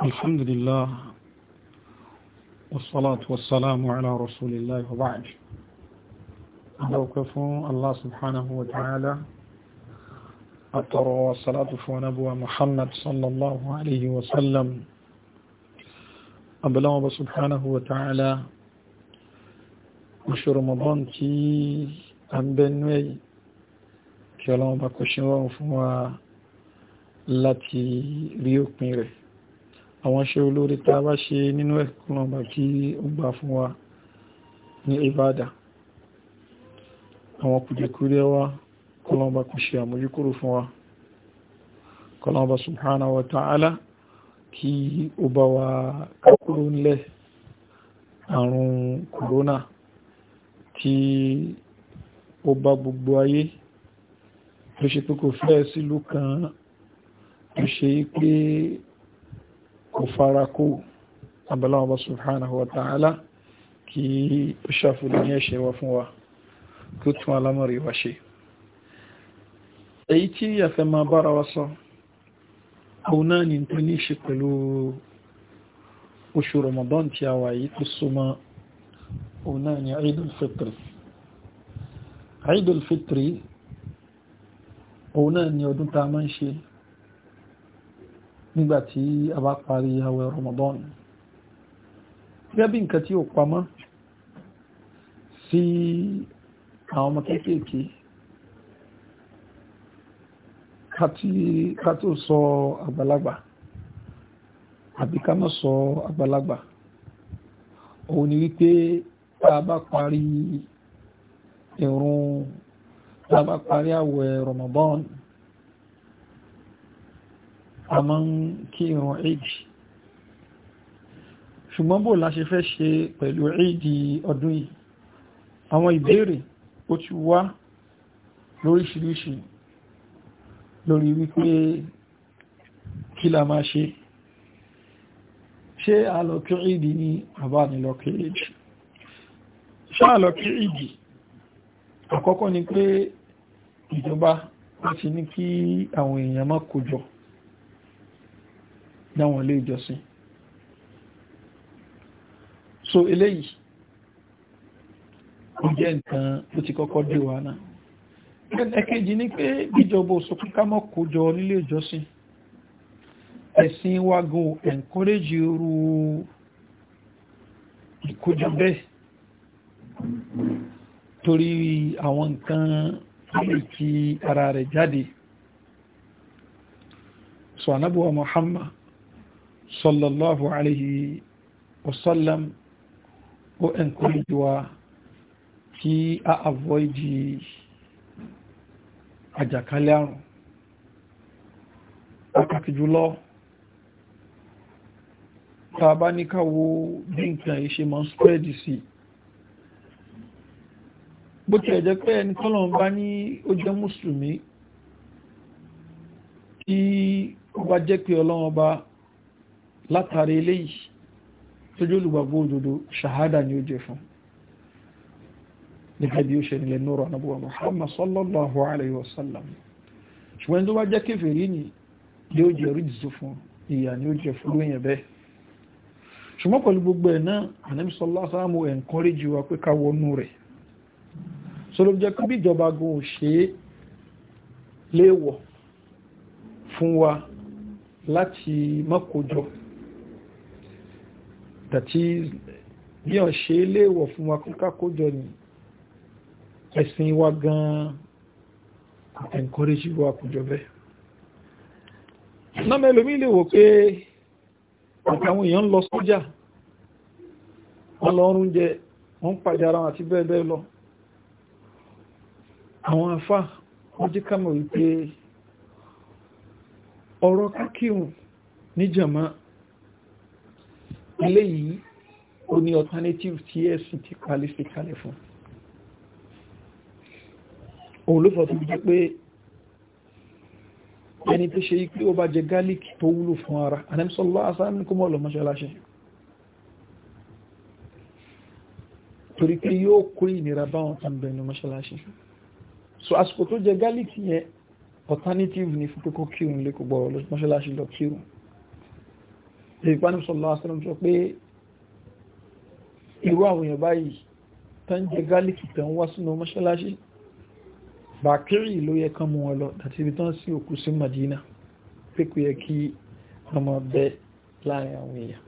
الحمد لله والصلاة والسلام على رسول الله وبعد موقف الله سبحانه وتعالى الطر والصلاة ونبوة محمد صلى الله عليه وسلم أبلغ سبحانه وتعالى oṣù رمضان تي أم بنوي كلام ní ẹ̀yí التي ọlọ́wọ́n àwọn iṣẹ́ olóore tá a bá ṣe nínú ẹ̀kọ́ lọ́gbà kí ó gbà fún wa ní ìbádà àwọn kùdìkúrẹ́ wa kọlọ́mbà kò ṣe àmójúkúrò fún wa kọlọ́mbà subhanahu wa ta'ala kí ó bá wa kúrò nílẹ̀ àrùn corona tí ó bá gbogbo ayé ló ṣe pé kò fẹ́ sílùú kan ló ṣe pé kò fara kó abẹ́láwọn bá subhanahu wa ta'ala kí ó ṣàfihàn ní ẹ̀ṣẹ̀ wa fún wa kí ó tún alámọ̀rí wa ṣe èyí tí àfẹ́ máa bára wa sọ àwọn náà ni tó ní ṣe pẹ̀lú oṣù Ramadan tí a wà yìí tó súnmọ́ òun náà ni Eidul Fitri Eidul náà ni ọdún tá máa ń ṣe nígbà tí a bá parí àwẹ̀ Ramadan gẹ́gẹ́ bí nǹkan tí ó pamọ́ sí àwọn ọmọ kéékèèké ká tó sọ àgbàlagbà àbí ká má sọ àgbàlagbà òun ni wípé a bá parí ìrun a bá parí àwẹ̀ Ramadan a máa ń kí ìrun éèdì ṣùgbọ́n bó la ṣe fẹ́ ṣe pẹ̀lú éèdì ọdún yìí àwọn ìbéèrè ó ti wá lóríṣiríṣi lórí wípé kí la máa ṣe ṣé àlọ́kí ìdí ní àbánilọ́kí ìdí ṣá àlọ́kí ìdí àkọ́kọ́ ni pé ìjọba láti ní kí àwọn èèyàn má kójọ dáwọn ilé ìjọsìn so eléyìí ó jẹ́ nǹkan tó ti kọ́kọ́ dé wa náà ẹ̀kẹ́jì ni pé ìjọba òsò kíká mọ́ kó jọ nílé ìjọsìn ẹ̀sìn wago encourage irú ìkójọ bẹ́ẹ̀ torí àwọn nǹkan lè ti ara rẹ̀ jáde so anábúwa Muhammad صلى الله عليه وسلم وانكرجوا في avoid àjàkálẹ̀ àrùn pàtàkì jùlọ tá a bá ní ká wo bí nǹkan yìí ṣe máa ń spread sí bó ti ẹ̀jẹ́ pé ẹni tọ́lọ̀ bá ní ó jẹ́ mùsùlùmí kí ó bá jẹ́ pé ọlọ́run ọba látàrí eléyìí tójú olùgbàgbọ́ òdodo ṣàhádà ni ó jẹ fún gẹ́gẹ́ bí ó ṣe nílẹ̀ nọ́rọ̀ anábúwà Muhammad sallallahu alayhi wa sallam ṣùgbọ́n tó bá jẹ́ kéfèrí ni yóò jẹ ríjìsí fún ìyà ni ó jẹ fún lóyìn ẹ̀bẹ́ ṣùgbọ́n pẹ̀lú gbogbo ẹ̀ náà anábì sallallahu alayhi láti mọ́kòjọ́ tàtí bí ọ̀n ṣe léèwọ̀ fún wa kúkà kójọ ní ẹ̀sìn wa gan encourage wa kójọ bẹ́ẹ̀ náà mẹ́lòmí lè wò pé àtàwọn èèyàn lọ sójà wọ́n lọ rún jẹ wọ́n pàdé àti bẹ́ẹ̀ bẹ́ẹ̀ lọ àwọn afá wọ́n jí ká wípé ọ̀rọ̀ kákíhùn ní jàmáà eléyìí ó ní alternative tí ẹ̀sìn ti kalẹ̀ sí kalẹ̀ fún òun ló fọ́ tó jẹ́ pé ẹni tó ṣe ikú ó bá jẹ garlic tó wúlò fún ara anẹ́mísọ́lá asáàmì kó mọ́ lọ mọ́ṣáláṣí torí pé yóò kó ìnira báwọn tán bẹ̀rẹ̀ mọ́ṣáláṣí so àsìkò tó jẹ garlic yẹn alternative ni fún pé kó kírun lé kò lọ kírun ìpánisọ̀lọ́ asẹ́lẹ̀ sọ pé irú àwọn èèyàn báyìí tán jẹ gálíkì tán wá sínú mọ́ṣálásí bàkírì ló yẹ kán mú wọn lọ àti ibi tán sí òkú sí Madina pé kò yẹ kí ọmọ bẹ láàrin àwọn èèyàn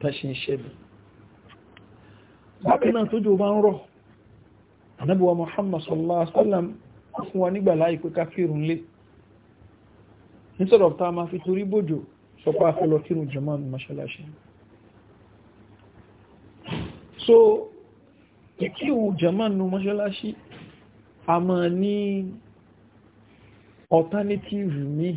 tán ṣe ń ṣẹ́bẹ̀ bákanáà tó jò bá ń rọ̀ anábíwa Muhammad sallallahu alaihi fún wa nígbà láì pé lé nítorí ọ̀tá fi torí bòjò sọpá afẹ́lọ kírun jọmọ́ ní mọ́ṣáláṣí so ìkírun jọmọ́ ní mọ́ṣáláṣí a máa ní alternative ní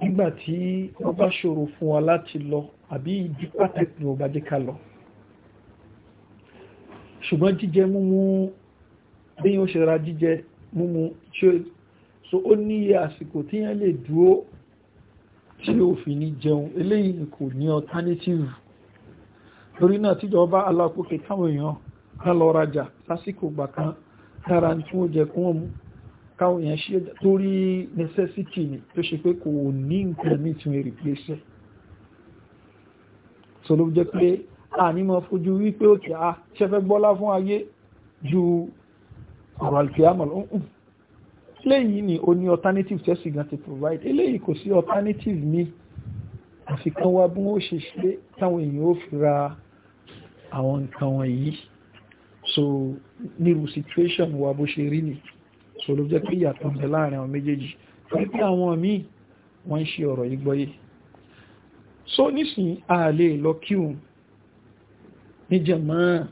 nígbàtí wọ́n bá ṣòro fún wa láti lọ àbí ìdí pàtàkì ò bá jẹ́ ká lọ ṣùgbọ́n jíjẹ múmú bí yíò ṣe ra jíjẹ múmú so ó ní iye àsìkò tí yẹn lè dúró tí ó fi ní jẹun eléyìí kò ní alternative torí náà tíjọba alákòókè káwọn èèyàn ká lọ rajà lásìkò gbà kan kára tí wọ́n jẹ kún ọmú káwọn èèyàn ṣe torí necessity ni tó ṣe pé kò ní nǹkan ní tí wọ́n replace so ló jẹ́ pé a ní mọ́ fojú wípé òkè a ṣẹfẹ́ gbọ́lá fún ayé ju ọ̀rọ̀ alkiyama lọ́hùn eléyìí ni ó ní alternative tẹ́sì gan ti provide eléyìí kò sí alternative mi àfikán wá bí wọ́n ṣe ṣe táwọn èèyàn ó fi ra àwọn nǹkan wọ̀nyí so nírú situation wa bó ṣe rí ni so ló jẹ́ pé ìyàtọ̀ ń bẹ láàrin àwọn méjèèjì torí pé àwọn míì wọ́n ń ṣe ọ̀rọ̀ yìí gbọ́yé so nísìn a lè lọ kíùn ní jẹ̀mọ́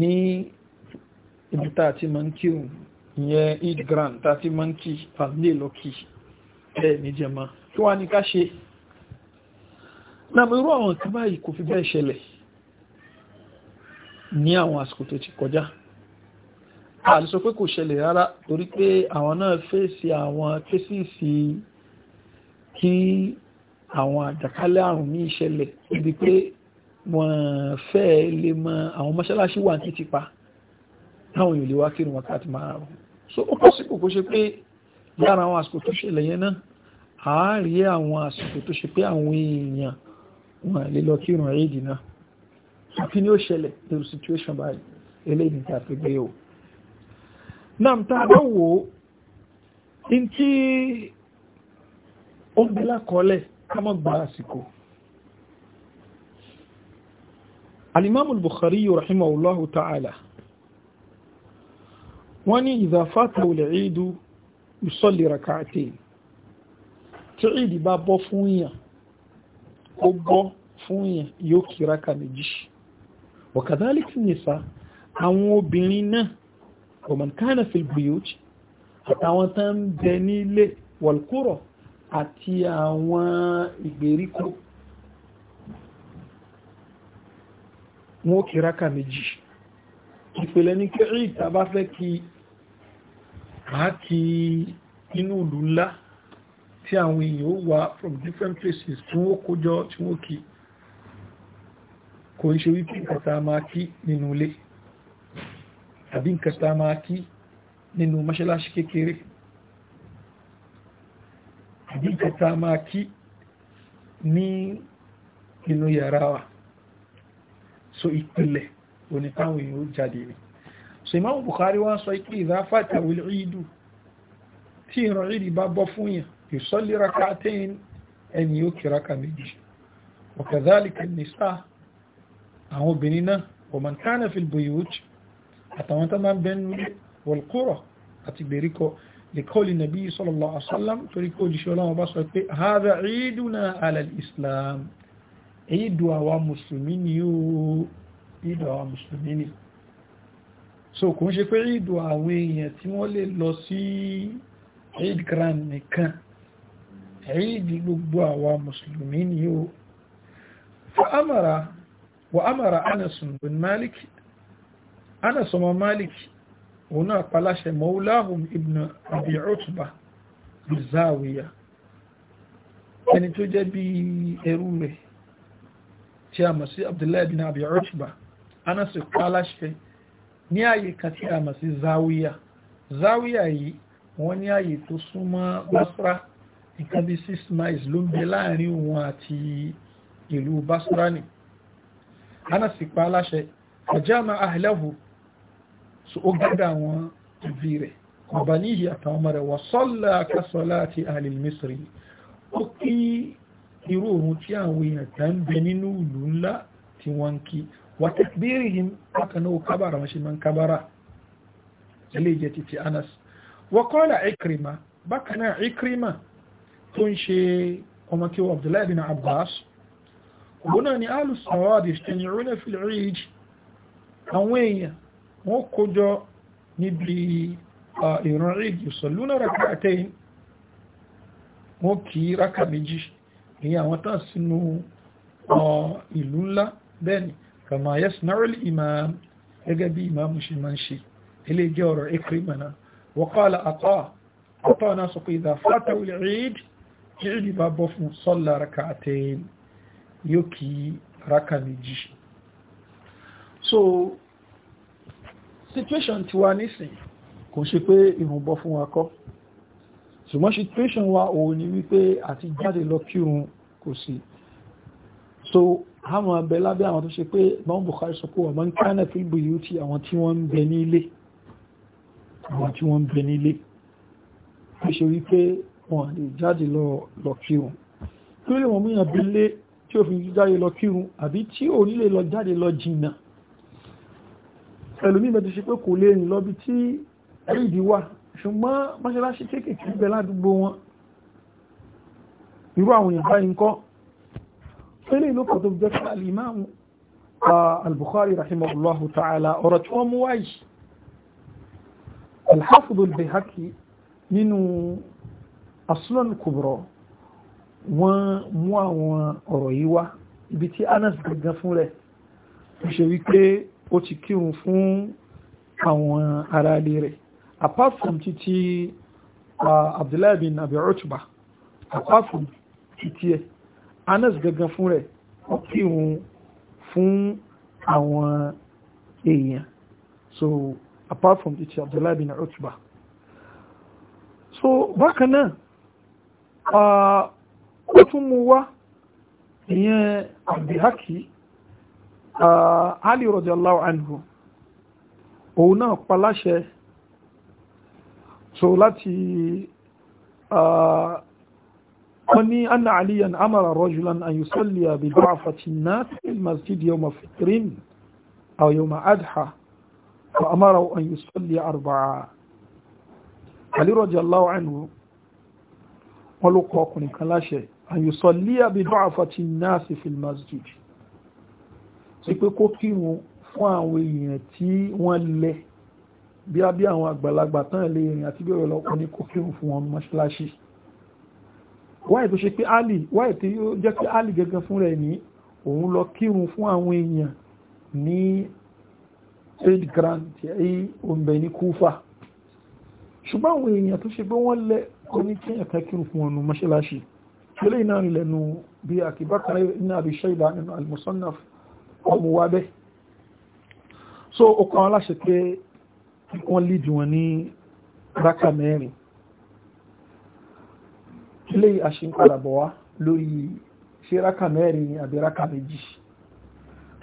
ní ibi tá a ti máa ń kíùn ìyẹn eid grand tàti mọ́ǹkì pàdé lọ́kì bẹ́ẹ̀ ní jẹma kí wá ní ká ṣe náà irú àwọn nǹkan báyìí kò fi bẹ́ẹ̀ ṣẹlẹ̀ ní àwọn àsìkò tó ti kọjá àlè sọ pé kò ṣẹlẹ̀ rárá torí pé àwọn náà fèsì àwọn kéṣìsì kí àwọn àjàkálẹ̀ àrùn ní ìṣẹlẹ̀ ibi pé wọ́n fẹ́ lè mọ àwọn mọ́ṣáláṣí wà ní títí pa táwọn yòlè wá kírun wákàtí márùn-ún so ó pọ́sípò kó ṣe pé lára àwọn àsìkò tó ṣẹlẹ̀ yẹn náà àárí àwọn àsìkò tó ṣe pé àwọn èèyàn wọn lè lọ kí ìrùn èdè náà àfi ní ó ṣẹlẹ̀ lórí situation báyìí eléyìí tí a fi gbé o náà tá a bá wò ó in tí ó gbé lákọọ́lẹ̀ ká mọ́ gba àsìkò alimami Bukhari rahimahullahu ta'ala wọ́n ní idha fatahu al-eid yusalli rak'atayn tí ìdí bá bọ́ fún yàn ó bọ́ fún yàn yóò kí rákà méjì wa kadhalika an-nisa àwọn obìnrin náà wa man kana fil buyut àtàwọn tán ń bẹ nílé wal àti àwọn ìgbèríko wọn kí rákà méjì ìpìlẹ̀ ní kí ìta fẹ́ kí pàákì inú ìlú ńlá tí àwọn èèyàn ó from different places tí wọ́n kójọ tí wọ́n kí kò ń ṣe wípé ìkàtà máa kí nínú ilé tàbí ìkàtà máa kí nínú mọ́ṣáláṣí kékeré tàbí ìkàtà máa kí ní inú yàrá wa so ìpìlẹ̀ onítáwọn èèyàn jáde rẹ̀ so Imam Bukhari wọ́n sọ pé ìzáfàtà wìlìídù tí ìran ìrì bá bọ́ fún yàn yusalli rak'atayn ẹni yóò kí raka méjì wa kadhalika nìsá àwọn obìnrin náà wa man kana fil buyut àtàwọn tó máa ń bẹnu wal qura àti gbèríkọ lèkọ́lì nàbí sallallahu alaihi wasallam torí kó so kò ń ṣe pé ìdò àwọn èèyàn tí wọ́n lè lọ sí eid grand nìkan eid gbogbo àwa mùsùlùmí ni ó wa amara anasun bin malik anasọmọ malik òun náà paláṣẹ maulahum ibn abi utba bizawiya ẹni tó jẹ́ bí ẹrú rẹ̀ tí a mọ̀ sí abdullahi ibn abi anasọ paláṣẹ ní ààyè kan tí a mọ̀ sí zawiya zawiya yìí wọ́n ní ààyè tó súnmọ́ basra nǹkan bí six miles ló ń bẹ láàrin wọn àti ìlú basra ni ana sì pa aláṣẹ ọjọ́mà ahlahu so ó gádà wọn ìbí rẹ̀ ọba níyì àtàwọn ọmọ rẹ̀ wọ́n sọ́lá akásọ́lá àti ahlil misri ó kí irú òun tí àwọn èèyàn tán bẹ nínú ìlú ńlá tí wọ́n ń kí wa takbirihim haka nau kabara mashi man kabara eléjẹ titi anas wa qala ikrima bákan náà ikrima tó ń ṣe abdullahi bin abbas òun ni alu sawadi yajtami'una fil eid àwọn èèyàn mo kójọ níbi ìrun eid yusalluna rak'atayn wọ́n kì mo rákà méjì meji àwọn awon sínú sinu ńlá bẹ́ẹ̀ ni kama yasna'u al-imam gẹ́gẹ́ bí imam ṣe máa ń ṣe ilé jẹ́ ọ̀rọ̀ ikrimana wa qala ata ata náà sọ pé idha fatahu al-eid ìrìn bá bọ́ fún salla rak'atayn yóò kí raka méjì so situation ti wa nísìn kò ṣe pé ìrùn bọ́ fún wa ṣùgbọ́n situation wa òun ni wípé àti jáde lọ kírun kò sí so àwọn abẹ lábẹ́ àwọn tó ṣe pé Imam Bukhari sọ pé wọ́n kánà fil buyuti àwọn tí wọ́n ń bẹ nílé àwọn tí wọ́n ń bẹ nílé tó ṣe wípé wọ́n lè jáde lọ kírun kí ló lè wọ́n múyàn bí lé tí ó fi jáde lọ kírun àbí tí ò nílé lọ jáde lọ jìnnà irú àwọn èèyàn báyìí tẹ́lẹ̀ ìlú kan tó jẹ́ pé alìmáàmù al-Bukhari rahimahullahu ta'ala ọ̀rọ̀ tí wọ́n mú wáyé al-Hafidh al-Bayhaqi nínú aslan kubra wọ́n mú àwọn ọ̀rọ̀ yìí wá ibi tí Anas gangan fún rẹ̀ ó ṣe wípé ó ti kírun fún àwọn ará ilé rẹ̀ apart from títí Abdullahi bin Abi Utbah apart from títí ẹ̀ anas gangan fún rẹ̀ ó kírun fún àwọn èèyàn so apart from títí abdullahi bin utba so bákan náà ó tún mú wá ìyẹn àbíhákì ali radiyallahu anhu òun náà paláṣẹ so láti wọ́n ní anna aliyan amara rajulan an yusalli bi du'afati nas fil masjid yawma fitrin aw yawma adha wa amara an yusalli arba'a ali radiyallahu anhu wọ́n ló kọ ọkùnrin kan láṣẹ an yusalli bi du'afati nas fil masjid sí pé kó kírun fún àwọn èèyàn tí wọ́n lẹ bí a bí àwọn àgbàlagbà tán lè rìn àti bí ọ̀rọ̀ lọ́kùnrin kó kírun fún wọn mọ́ṣáláṣí wáyé tó ṣe pé Ali wáyé tí ó jẹ́ pé Ali gẹ́gẹ́ fún rẹ̀ ní òun lọ kírun fún àwọn èèyàn ní aid grant tí ẹ̀yí òǹbẹ̀ ní Kúfà ṣùgbọ́n àwọn èèyàn tó ṣe pé wọ́n lẹ oní kí ẹ̀ka kírun fún ọnù mọ́ṣáláṣí ilé iná rí lẹ́nu bí àkíbákan ní Abi Shayba nínú al ọmọ wa bẹ́ so ó kọ́ wọn láṣẹ pé wọ́n lídì wọn ní rákà mẹ́rin ilé àṣípadàbọ̀ wá lórí ṣe ráka mẹ́rin àbí ráka méjì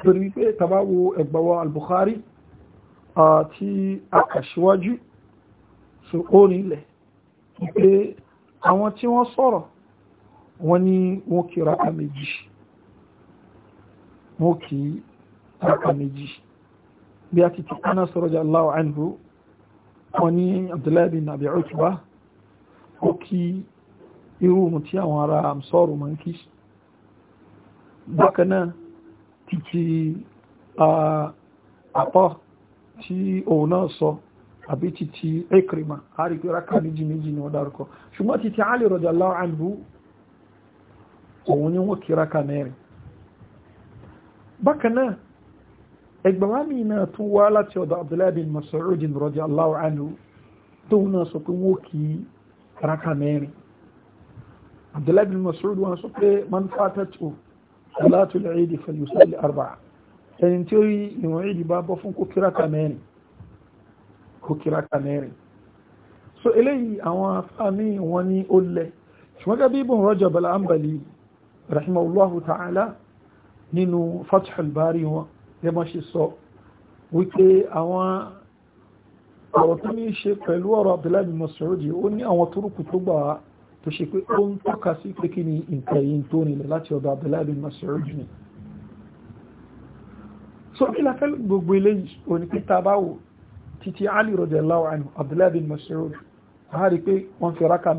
torí wípé tàbáwo ẹgbàwọ́ al-Bukhari àti akàṣíwájú so ó nílẹ̀ pé àwọn tí wọ́n sọ̀rọ̀ wọ́n ní wọ́n kí ráka méjì wọ́n kí ráka méjì bí a ti kí Anas radiyallahu anhu wọ́n ní Abdullahi bin Abi ó kí irú tí àwọn ará àmsọ́rù mọ́ ń kí bákan náà títí àpọ́ tí òun náà sọ àbí títí Ikrima àríkú rákà méjì méjì ni wọ́n dárúkọ ṣùgbọ́n títí Ali radiyallahu anhu òun ni wọ́n kí rákà bin Mas'ud radiyallahu anhu tóun náà sọ pé wọ́n mẹ́rin Abdullahi bin Mas'ud wọn sọ pé man fatatu salatu al-eid fa yusalli arba'a ẹni tí ó yí ìwọ̀n ìdí bá bọ́ fún kó kíráka mẹ́rin kó kíráka mẹ́rin so eléyìí àwọn afáàmì wọn ní ó lẹ ṣùgbọ́n gẹ́gẹ́ bí Ibn Rajab al-Hanbali rahimahullahu ta'ala nínú Fathul Bari wọn yẹ́ mọ́ ṣe sọ wípé àwọn ọ̀rọ̀ tó ní ṣe pẹ̀lú ọ̀rọ̀ Abdullahi bin Mas'ud ó ní àwọn turuku tó gbà wá tó ṣe pé ó ń tọ́ka sí pé kí ni nǹkan yìí tó nílẹ̀ láti ọ̀dọ̀ Abdullahi bin Mas'ud ni so kí la fẹ́ gbogbo eléyìí onípítà báwo títí Ali radiyallahu anhu Abdullahi bin Mas'ud a rí pé kí ni wọ́n fi ráka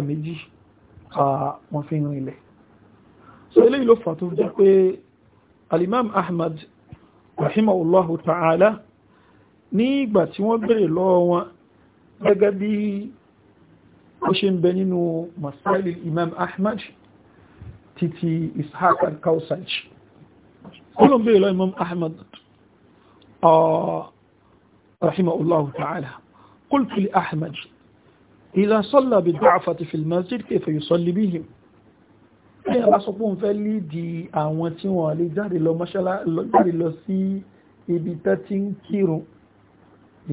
méjì wọ́n fi rìn ilẹ̀ so eléyìí ló fà tó jẹ́ pé alimam ahmad rahimahullahu ta'ala ní ìgbà tí wọ́n bèèrè lọ́wọ́ wọn gẹ́gẹ́ bí ó ṣe ń bẹ nínú masáìlì imam ahmad títí ishaq al-kausaj kúrò bèèrè lọ́wọ́ imam ahmad ah, rahimahullahu ta'ala قلت لأحمد إذا صلى بالضعفة في المسجد كيف يصلي بهم ẹ̀yà bá sọ fún fẹ́ lídi àwọn tí wọ́n lè jáde lọ mọ́ṣáláṣí lọ sí ibi tẹ́ ti ń kírun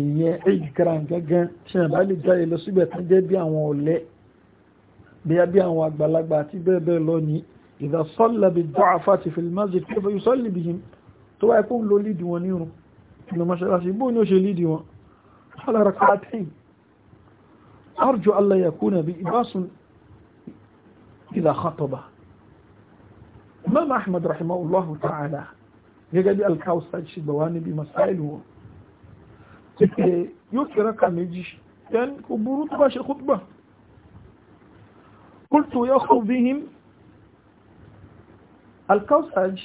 ìyẹn ìgbìkara gangan tí wọ́n bá lè jáde lọ síbẹ̀ tó jẹ́ bí àwọn ọ̀lẹ bí àwọn àgbàlagbà àti bẹ́ẹ̀ bẹ́ẹ̀ lọ ní idha salla bid-du'afati fil masjid kayfa yusalli bihim tó wáyé kó ń lo lídi wọn nírun lọ mọ́ṣáláṣí الإمام أحمد رحمه الله تعالى يجد الكاوس تجش بواني بمسائله يوكي رقم يجيش كان كبروت باش خطبة قلت يأخذ بهم الكاوس تج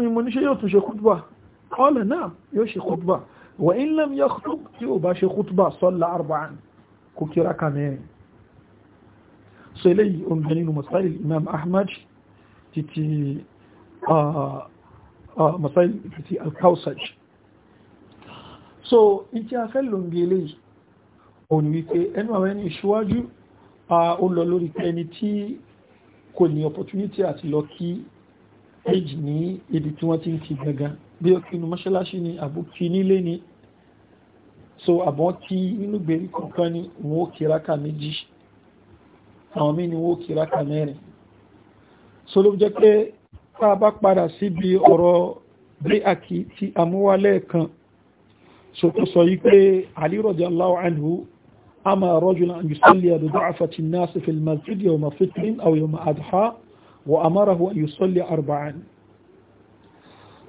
يمونيش يوتو شي خطبة قال نعم يوشي خطبة وإن لم يخطب يو باش خطبة صلى أربعا كوكي رقم يجيش سيلي أمجنين مسائل الإمام أحمد títí masai títí alkausaj so in tí a fẹ́ lòngele òní wípé ẹnu àwọn ẹni ìṣíwájú ó lọ lórí ẹni tí kò ní opportunity àti lọ kí ẹjì ní ibi tí wọ́n ti ń kí gangan bí ó kínú mọ́ṣáláṣí ni àbúkí nílé ni so àbọ́n tí inú gbèrí kọ̀ọ̀kan ni wọ́n ó kí méjì àwọn mí ni wọ́n ó kí mẹ́rin so ló jẹ́ pé tá a bá padà síbi ọ̀rọ̀ bí àkí tí a mú wá lẹ́ẹ̀kan so tó sọ yí pé Ali radiyallahu anhu أما رجلا أن يصلي بضعفة الناس في المسجد يوم فطر أو يوم أضحى وأمره أن يصلي أربعا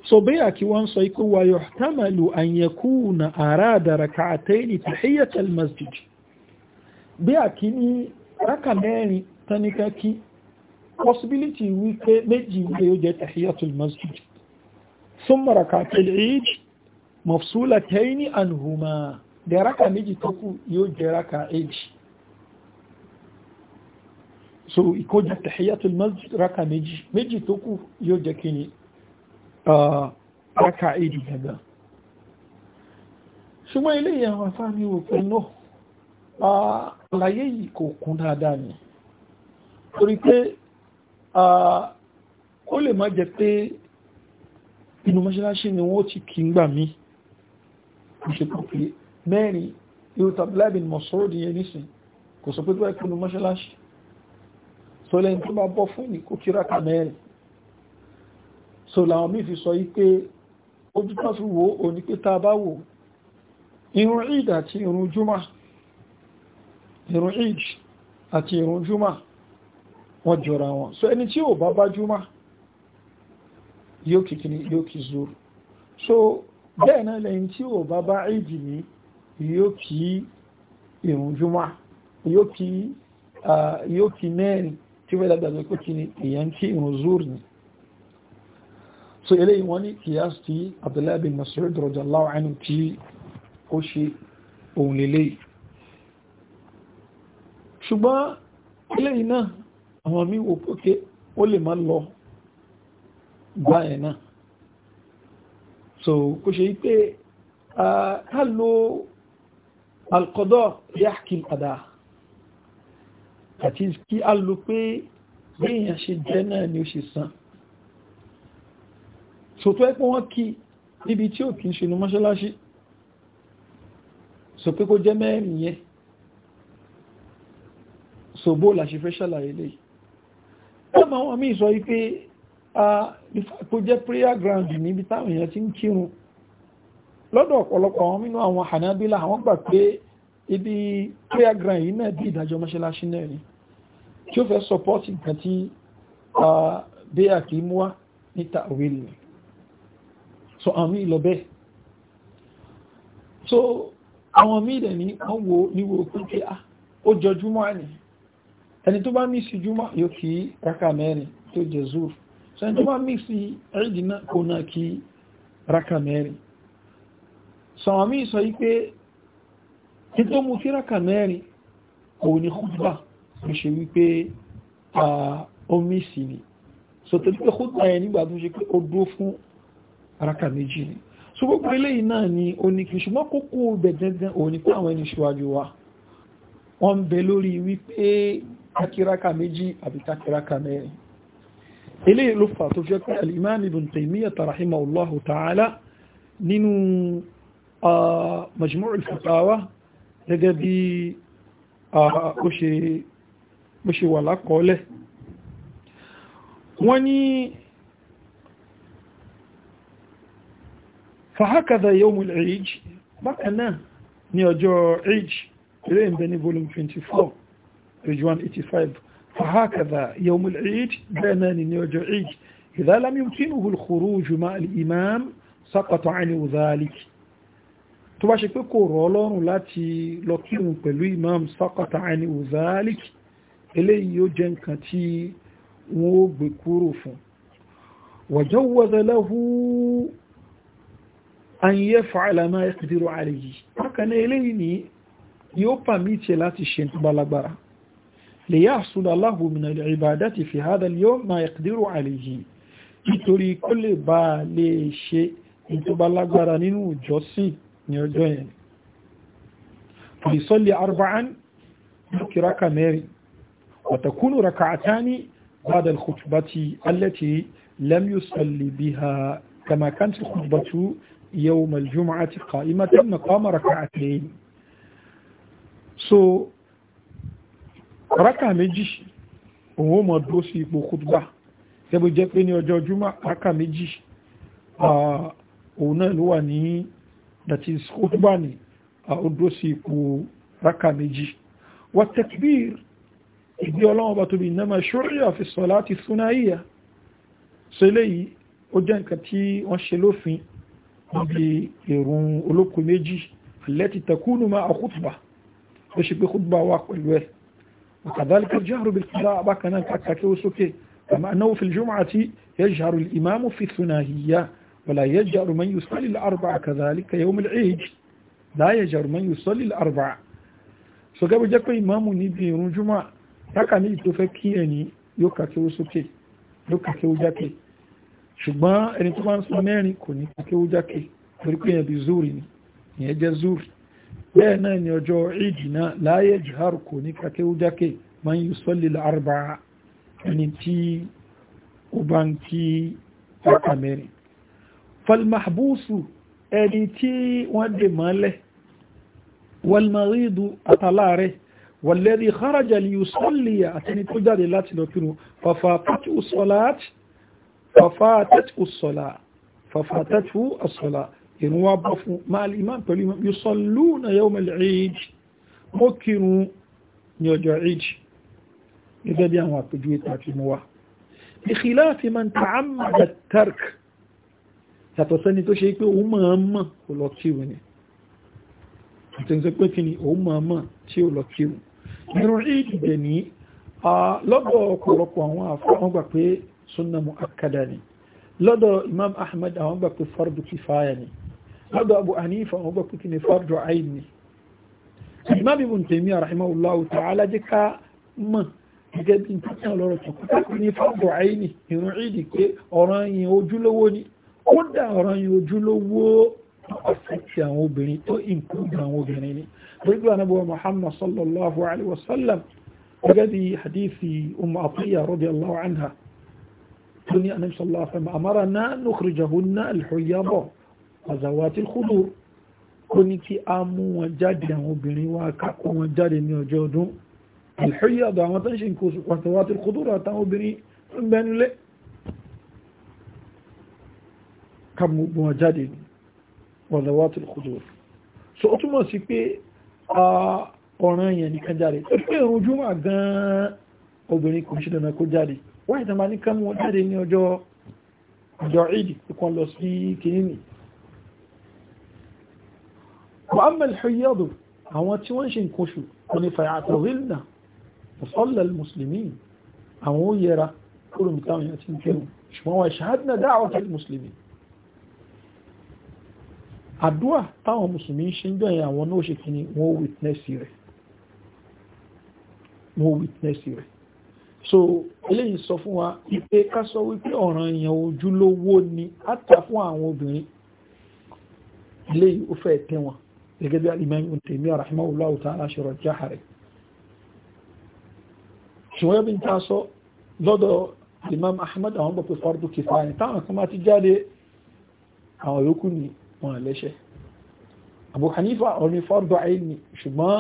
صبيك وانصيك ويحتمل أن يكون أراد ركعتين تحية المسجد بيكني ركمين تنككي possibility wípé méjì wípé yóò jẹ́ tahiyatul masjid thumma rakatul eid mafsulataini anhuma da raka méjì tó yóò jẹ́ raka eid so ìkó jẹ́ tahiyatul masjid raka méjì méjì tó kù yóò jẹ́ kí ni ah, raka eid gangan ṣùgbọ́n ilé ìyàwó sáàmì òpin náà àlàyé yìí kò kún dáadáa ni torí pé ó lè má jẹ pé inú mọ́ṣáláṣí ni wọ́n ti kí ń gbà mí ìṣẹ́pọ̀pẹ̀ mẹ́rin yóò tàbílábìn mọ̀sọ́rọ̀dì yẹn nísìn kò sọ pé tó ẹkùn inú mọ́ṣáláṣí so lẹ́yìn tó bá bọ́ fún ní kó kíráka mẹ́rin so làwọn àti irun júmà wọ́n jọra wọn so ẹni tí ò bá bá júmọ́ yóò kìkì ní yóò kì zuru so bẹ́ẹ̀ náà lẹ́yìn tí ò bá bá ìdì ní yóò kì ìrùn júmọ́ mẹ́rin tí wọ́n dàgbàgbà pé kì ní èyàn kí ìrùn zuru ni so eléyìí wọ́n ní kìyàsí tí Abdullahi bin Mas'ud radiyallahu anhu tí ó ṣe òun lélẹ́yìí ṣùgbọ́n eléyìí náà àwọn mí wò pókè ó lè má lọ gbá ẹ̀ náà so kò ṣe pé ká lo alkọ́dọ̀ yáàkì padà àti kí a lo pé bí èèyàn ṣe jẹ́ náà ni ó ṣe san so tó ẹ́pọ̀ wọ́n kí níbi tí ò kí ń ṣe ní mọ́ṣáláṣí so pé kó jẹ́ mẹ́rin yẹn so bó la ṣe fẹ́ ṣàlàyé léyìí ẹmọ wọn mí sọ wípé kò jẹ́ prayer ground níbi táwọn èèyàn ti ń kírun lọ́dọ̀ ọ̀pọ̀lọpọ̀ àwọn nínú àwọn Hanabila àwọn gbà pé ibi prayer ground yìí náà bí ìdájọ́ mọ́ṣáláṣí náà ni tí ó fẹ́ support nǹkan tí bí àkímúwá níta òwe lè so àwọn ìlọ bẹ́ẹ̀ so àwọn míì dẹ̀ ní wọ́n wo níwò pé ó jọjúmọ́ àní ẹni tó bá mísì júmọ́ yóò kí raka mẹ́rin tó jẹ zúr sẹ́ni tó bá mísì ẹ̀dìnà kò náà kí raka mẹ́rin sọ̀wọ́mí sọ yí pé kí tó mú kí raka mẹ́rin òun ni khutba ló ṣe wípé ó mísì ni so tó pé khutba yẹn nígbà tó ṣe pé ó dó fún raka méjì ni so gbogbo eléyìí náà ni oníkì ṣùgbọ́n kókó bẹ̀ dandan pé àwọn ẹni ṣíwájú wa wọ́n ń bẹ lórí wípé akiraka méjì àbí takiraka mẹ́rin eléyìí ló fà tó jẹ́ pé al-imam ibn taymiyyah rahimahullahu ta'ala nínú majmu' al-fatawa gẹ́gẹ́ bí ó ṣe wà lákọọ́lẹ̀ wọ́n ní fàhákàdà yawm al-eid bákanáà ní ọjọ́ eid ilé ìbẹni volume 24 page 185 فهكذا يوم العيد بأمان يوجع عيد إذا لم يمكنه الخروج مع الإمام سقط عنه ذلك tó bá ṣe pé kò rọ̀ ọlọ́run láti lọ kírun pẹ̀lú imam sakata ani uzalik eléyìí yóò jẹ́ nǹkan tí wọ́n ó gbé kúrò fún wọ̀jọ́ wọ́zẹ̀lẹ́hú ayẹ́ fàálàmá ẹ̀kìdìrò àrẹ̀yí bákanáà eléyìí ni yóò pàmìtì láti ṣe tó bá lágbára ليحصل الله من العبادات في هذا اليوم ما يقدر عليه nítorí كل lè bá lè ṣe ìtọba lágbára nínú ìjọsìn ní ọjọ́ yẹn fàìsọ́lì arba'an بعد الخطبة التي لم يصلي بها كما كانت الخطبة يوم الجمعة قائمة مقام ركعتين so rákà méjì òun ó mọ̀ dúró sí ipò kútùbà tẹ́bó jẹ́ pé ní ọjọ́ júmọ́ rákà méjì òun náà ló wà ní that is kútùbà ní ó dúró sí ipò rákà méjì wà tẹ̀kbír ìgbé ọlọ́wọ́n bá tóbi innama shuri'a fi salati sunaiya so eléyìí ó وكذلك الجهر بالقراءة بكنا كاكاكيو سوكي كما أنه في الجمعة يجهر الإمام في الثنائية ولا يجهر من يصلي الأربع كذلك يوم العيد لا يجهر من يصلي الأربع سوكي جاكو إمام نبي رجمع تاكاني تفكيني يوكاكيو سوكي يوكاكيو جاكي ṣùgbọ́n ẹni إن تبان ń كوني mẹ́rin kò ní kéwú jákè torí pé bẹ́ẹ̀ náà ni ọjọ́ ìdì náà láyé jihar kò ní kakéwújáké ma ń yí sọ́lì lárùbá ẹni tí ó bá ń kí ọkà mẹ́rin falmahbusu ẹni tí wọ́n dè mọ́lẹ̀ walmaridu àtàláàrẹ wàlẹ́rí kharaja lè sọ́lì àtẹni tó jáde láti lọ kírun fàfàtàtù sọ́lá ìrún wá bọ́ fún máàlì imam pẹ̀lú imam yusalluna yawm al-eid mọ́ kírun ní ọjọ́ eid gẹ́gẹ́ bí àwọn àpèjú ìtàkì mú wa bi khilafi man ta'ammada at-tark yàtọ̀ sẹ́ni tó ṣe pé òun máa mọ̀ kò lọ kírun ni àtẹ̀sẹ̀ pé kí ni òun máa mọ̀ lọ́dọ̀ imam ahmed àwọn gbà pé fardu kifaya ni lọ́dọ̀ Abu Hanifa wọn gbọ́ pé kí ni fardu ayn ni Imam Ibn Taymiyyah rahimahullahu ta'ala jẹ́ ká mọ̀ gẹ́gẹ́ bí nǹkan lọ́rọ̀ tó kọ́kọ́ kí ni fardu ayn ni ìrun ìdí pé ọ̀ràn yìí ojúlówó ni ó dá ọ̀ràn yìí ojúlówó ọ̀fẹ́tì àwọn obìnrin tó ìnkúdà àwọn obìnrin ni gbogbo anábọ̀ Muhammad sallallahu alaihi wasallam gẹ́gẹ́ bí hadithi Umm Atiyya radiyallahu anha tó ní anábì sallallahu alaihi wasallam amara náà nukhrija hunna al-huyyada àzàwátì kúlù ó ní kí a mú wọn jáde àwọn obìnrin wá kákọ wọn jáde ní ọjọ́ ọdún alhiyadu àwọn tó ń ṣe nǹkan oṣù àzàwátì kúlù àtàwọn obìnrin ń bẹnulẹ̀ ká mú wọn jáde ní àzàwátì kúlù so ó túmọ̀ sí pé ọ̀ràn yẹn nìkan jáde tó pé ìrun júmọ̀ gan obìnrin kò ṣe dandan kó jáde wọ́n ìtàn ní ká mú wọn jáde ní ọjọ́ ìdí kó lọ sí kìíní وأما الحيض àwọn tí wọ́n ṣe ń kóṣù kò ní fàyàtọ̀wìlìnà ọ̀sọ́lẹ̀ musulmi àwọn ó yẹra kúrùn táwọn yà ti ń kẹrù ṣùgbọ́n wà ṣàhádìnà dáwà kẹrù musulmi àdúwà táwọn musulmi ṣe ń jọyìn àwọn náà ṣe kí ni wọ́n witnessi rẹ̀ so eléyìí sọ fún wa ipe ká sọ wípé ọ̀ràn èèyàn ojúlówó ni á ta fún àwọn obìnrin eléyìí ó fẹ́ tẹ́ gẹ́gẹ́ bí alìmọ́ ibn Taymiyyah rahimahullahu ta'ala ṣe rọjá rẹ̀ ṣùgbọ́n bí n ta sọ lọ́dọ̀ Imam Ahmad àwọn gbọ́pẹ̀ fardu kifaya táwọn kan máa ti jáde àwọn yòókù ni wọ́n lẹ́ṣẹ̀ Abu Hanifa ọ̀rin fardu aini ṣùgbọ́n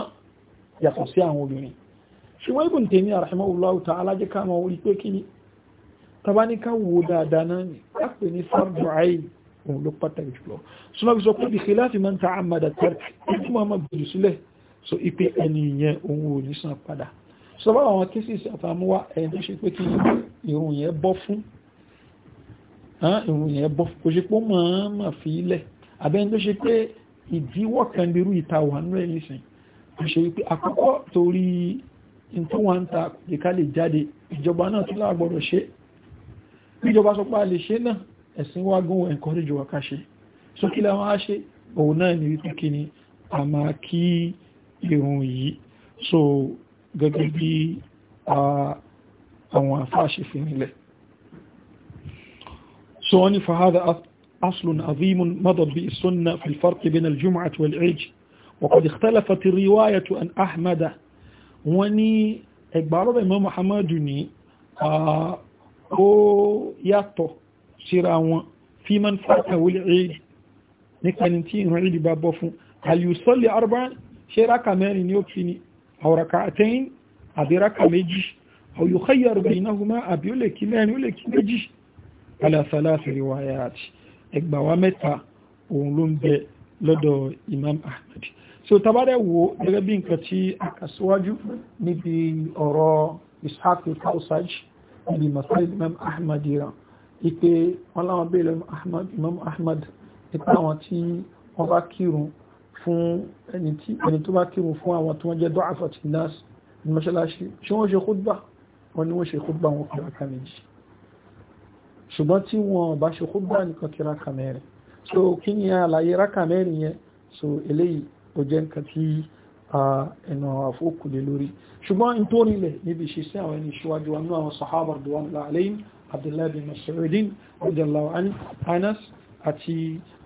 yàtọ̀ sí àwọn obìnrin ṣùgbọ́n ibn Taymiyyah rahimahullahu ta'ala jẹ́ ká máa wọ́n rí pé òun ló pàtàkì jùlọ súnmọ́ fi sọ pé bí khilafi man ta'ammada tẹ́rẹ̀ tí wọ́n máa gbèrú sílẹ̀ so ipe ẹni yẹn òun ò ní san padà so bá àwọn cases àtàmúwá ẹ̀yìn tó ṣe pé kí irun yẹn bọ́ fún irun yẹn bọ́ fún kò ṣe pé máa máa fi ilẹ̀ àbẹ́yìn tó ṣe pé ìdíwọ́ kan lérú ìta wà nínú ẹ̀ nísìn kò ṣe pé àkọ́kọ́ torí tó wà ń ta kò lè jáde ìjọba náà tún láàgbọ́dọ̀ ṣe ìjọba sọ pé a lè ṣe náà ẹ̀sìn wá gún encourage wa ká so kí láwọn á ṣe òun náà ni wípé kí ni a máa kí irun yìí so gẹ́gẹ́ bí àwọn àfáàṣe fi nílẹ̀ so wọ́n ni fahada aslun azimun madabi أصل عظيم مضى به السنة في الفرق بين الجمعة riwaya وقد an ahmada wọ́n ni وني إقبال muhammadu ni a ó yàtọ̀ síra wọn fi man fàtà wọlé ẹ̀ẹ́dì nípa ni tí ìrìn ẹ̀ẹ́dì bá bọ́ fún alìsọ́lẹ̀ arba'in ṣe ráka mẹ́rin ní ó kí ni àwọ̀raka àtẹ́yìn àbí ráka méjì àwòyọ̀kọ́yàrù bainahuma àbí ó lè Imam Ahmad so tabadẹ wo gẹ́gẹ́ bí nǹkan tí a kà síwájú níbi Imam Ahmad ran wípé wọ́n láwọn bèèrè Ahmad Imam Ahmad nípa àwọn tí wọ́n bá kírun fún ẹni tí ẹni tó bá kírun fún àwọn tó wọ́n jẹ́ dọ́àfàtì nas ní mọ́ṣáláṣí ṣé wọ́n ṣe kúdbà wọ́n ni wọ́n ṣe kúdbà wọn kí raka ṣùgbọ́n tí wọ́n bá ṣe kúdbà nìkan kí raka abdullahi bin masarudin radiyallahu anas àti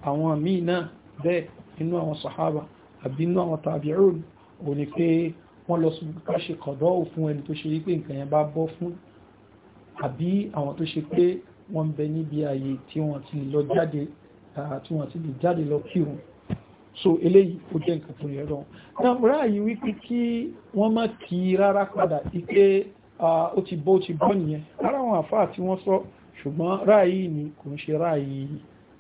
àwọn míì náà bẹ́ẹ̀ inú àwọn sahaba àbí inú àwọn tabi'un ò ní pé wọ́n lọ sí ká ṣe kọ̀dọ́ òfin ẹni tó ṣe rí pé nǹkan yẹn bá bọ́ fún àbí àwọn tó ṣe pé wọ́n bẹ níbi ààyè tí wọ́n ti lè jáde lọ kírun so eléyìí ó jẹ́ nǹkan tó yẹ lọ náà ráàyè wípé kí wọ́n má kí rárá padà ike ó ti bọ́ ti bọ́ nìyẹn ara àwọn àfáà tí wọ́n sọ ṣùgbọ́n ráàyí ni kò ń ṣe ráàyí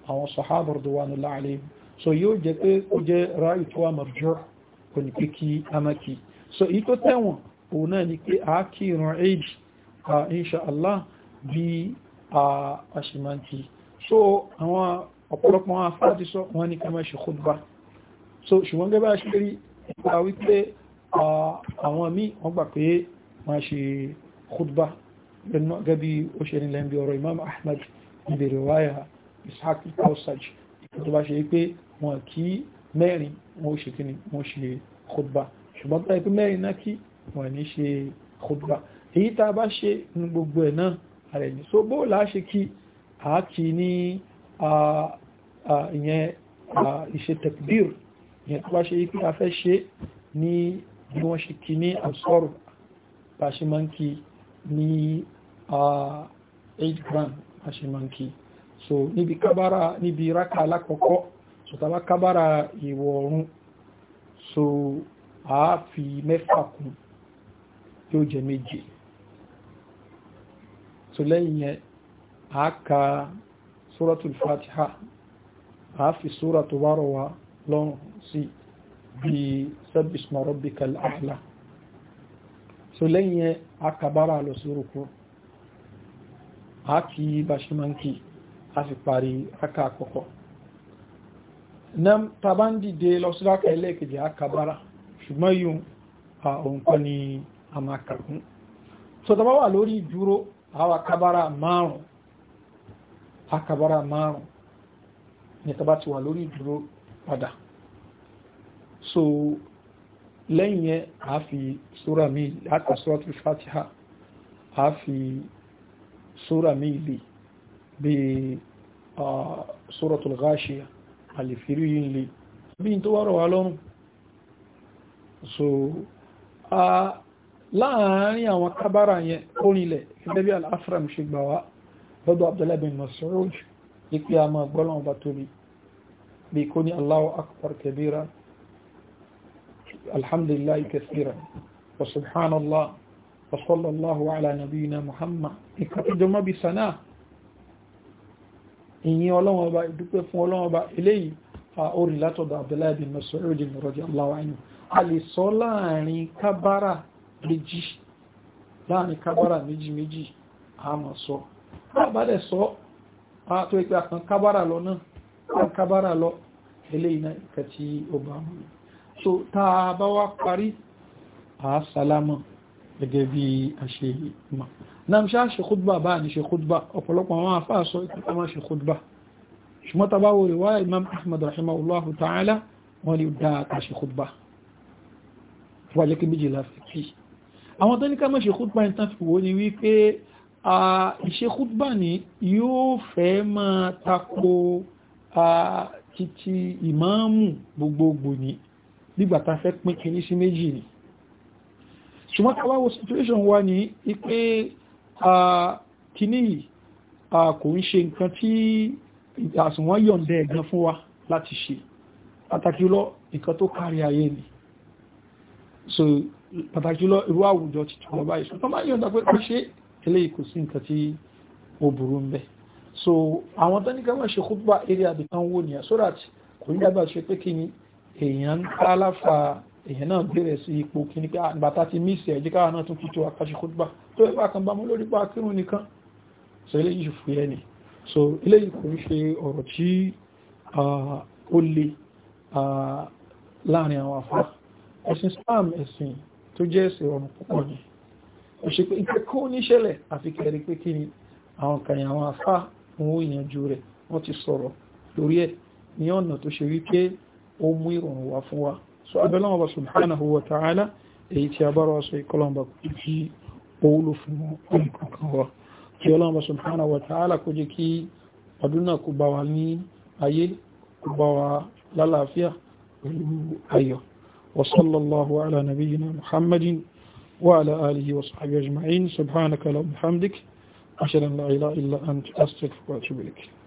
àwọn sahaba radwanullahi alayhim so yóò jẹ́ pé ó jẹ́ ráàyí tó wà marju' kò ní pé kí amaki so èyí tó tẹ̀wọ̀n òun náà ni pé a kí ìran eid inṣàlá bí aṣìmáǹtì so àwọn ọ̀pọ̀lọpọ̀ afáà ti sọ wọ́n ní ká má ṣe khutba so ṣùgbọ́n gẹ́gẹ́ bá ṣe rí ipa wípé àwọn míì wọ́n gbà pé wọ́n ṣe khutba gẹ́bí ó ṣe nílẹ̀ bí ọ̀rọ̀ imam ahmed níbi riwaya ishaq al-awsaj tó bá ṣe pé wọ́n kí mẹ́rin wọ́n ṣe kí ni wọ́n ṣe khutba ṣùgbọ́n tó pé mẹ́rin náà kí wọ́n ní ṣe khutba èyí tá a bá ṣe ní gbogbo ẹ̀ náà ààrẹ ní so bó láá ṣe kí a kí ní ìyẹn ìṣe takbir ìyẹn tó bá ṣe pé a fẹ́ ṣe ní bí wọ́n ṣe kí ní asọ́rù pàṣímánkì ní eight grand pàṣímánkì so níbi kábára níbi rákà alákọ̀ọ́kọ́ so tàbá kábára ìwọ̀ ọ̀run so a fi mẹ́fà kún yóò jẹ méje so lẹ́yìn yẹn a ka suratul fatiha a fi sura tó bá rọ̀ wá lọ́rùn sí bí sabbisma rabbikal a'la so akabara ẹ akàbára lọ sí orúkú a kì í bá ṣe máa ń kì a sì parí aka àkọ́kọ́ na tàbá ń dìde lọ sí ráka akabara akàbára ni a máa kàkún so tàbá wà lórí ìdúró àwọn akàbára márùn akàbára márùn ní tàbá ti wà lórí ìdúró so lẹ́yìn yẹn a fi sóra mi láti sọ́tù fatiha a fi sóra mi lè bí suratul ghashiya a lè fi rí yìí lè bí n tó wárọ̀ wá lọ́rùn so láàárín àwọn kábára yẹn orílẹ̀ gẹ́gẹ́ bí al-afram ṣe gbà wá lọ́dọ̀ abdullahi bin ní pé a máa gbọ́lọ́wọ́ bá tóbi bí kò ní Allahu akbar الحمد لله كثيرا وسبحان الله وصلى الله على نبينا محمد ìkàtọ̀jọmọ́ bí sanáà ìyìn ọlọ́wọ́ ọba ìdúpẹ́ fún ọlọ́wọ́ ọba eléyìí orí látọ̀dọ̀ Abdullahi bin Mas'ud radiyallahu anhu a lè sọ láàrin kábára méjì láàrin kábára méjì méjì a mọ̀ sọ àbádẹ̀ sọ tó ẹgbẹ́ àkàn kábára lọ náà kábára lọ eléyìí náà ìkàtí ọba mọ̀ so tá a bá wá parí àásálámọ̀ gẹ́gẹ́ bí a ṣe mọ̀ náà ṣá ṣe kúdbà bá ní ṣe kúdbà ọ̀pọ̀lọpọ̀ àwọn afáà sọ ìpínlẹ̀ máa ṣe kúdbà ṣùgbọ́n tàbá wo riwaya imam ahmad rahimahullahu ta'ala wọ́n ni dá a ṣe kúdbà wà jẹ́ kí méjìlá fi kí àwọn tó ní ká máa ṣe kúdbà nígbàtà fẹ́ pín kìíní sí méjì ni ṣùgbọ́n tàbá wo situation wá ní ipé kìíní kò ń ṣe nǹkan tí àsùnwọ́n yọ̀ǹdẹ̀ ẹ̀gan fún wa láti ṣe pàtàkì lọ nǹkan tó kárí ayé ni so pàtàkì lọ irú àwùjọ ti tọ́lọ báyìí ṣùgbọ́n máa yọ̀ǹda pé kò ṣe eléyìí kò sí so àwọn tẹ́nìkan máa ṣe khutba eré àbìkan wó nìyà so that kò èèyàn ń tálàfà èèyàn náà bẹ̀rẹ̀ sí ipò kí nípa ah, àgbàtà ti mí ìsẹ̀ ẹ̀jẹ́ káwà náà tún kútó àkàṣe kútbà tó ẹ̀bá kan bá mú lórí pa kírun nìkan so eléyìí ṣe fúyẹ́ ni so eléyìí kò ń ṣe ọ̀rọ̀ tí ó le láàrin àwọn afá ẹ̀sìn Islam ẹ̀sìn tó jẹ́ ẹ̀sìn ọ̀run púpọ̀ ni ó ṣe pé ìkẹ́kọ́ oníṣẹ́lẹ̀ àfi ni àwọn kàyìn àwọn ó mú ìrọ̀rùn wá fún wa so abẹ́lẹ́ wọn bá subhanahu wa ta'ala èyí tí a bára wa sọ ìkọlọ́n bá kú kí owó fún ọmọkàn wa kí jẹ́ kí ọdún náà kó bá wa ní ayé kó bá wa lálàáfíà pẹ̀lú ayọ̀ وصلى الله على نبينا محمد وعلى آله وصحبه أجمعين سبحانك لا إله إلا أنت أستغفرك وأتوب إليك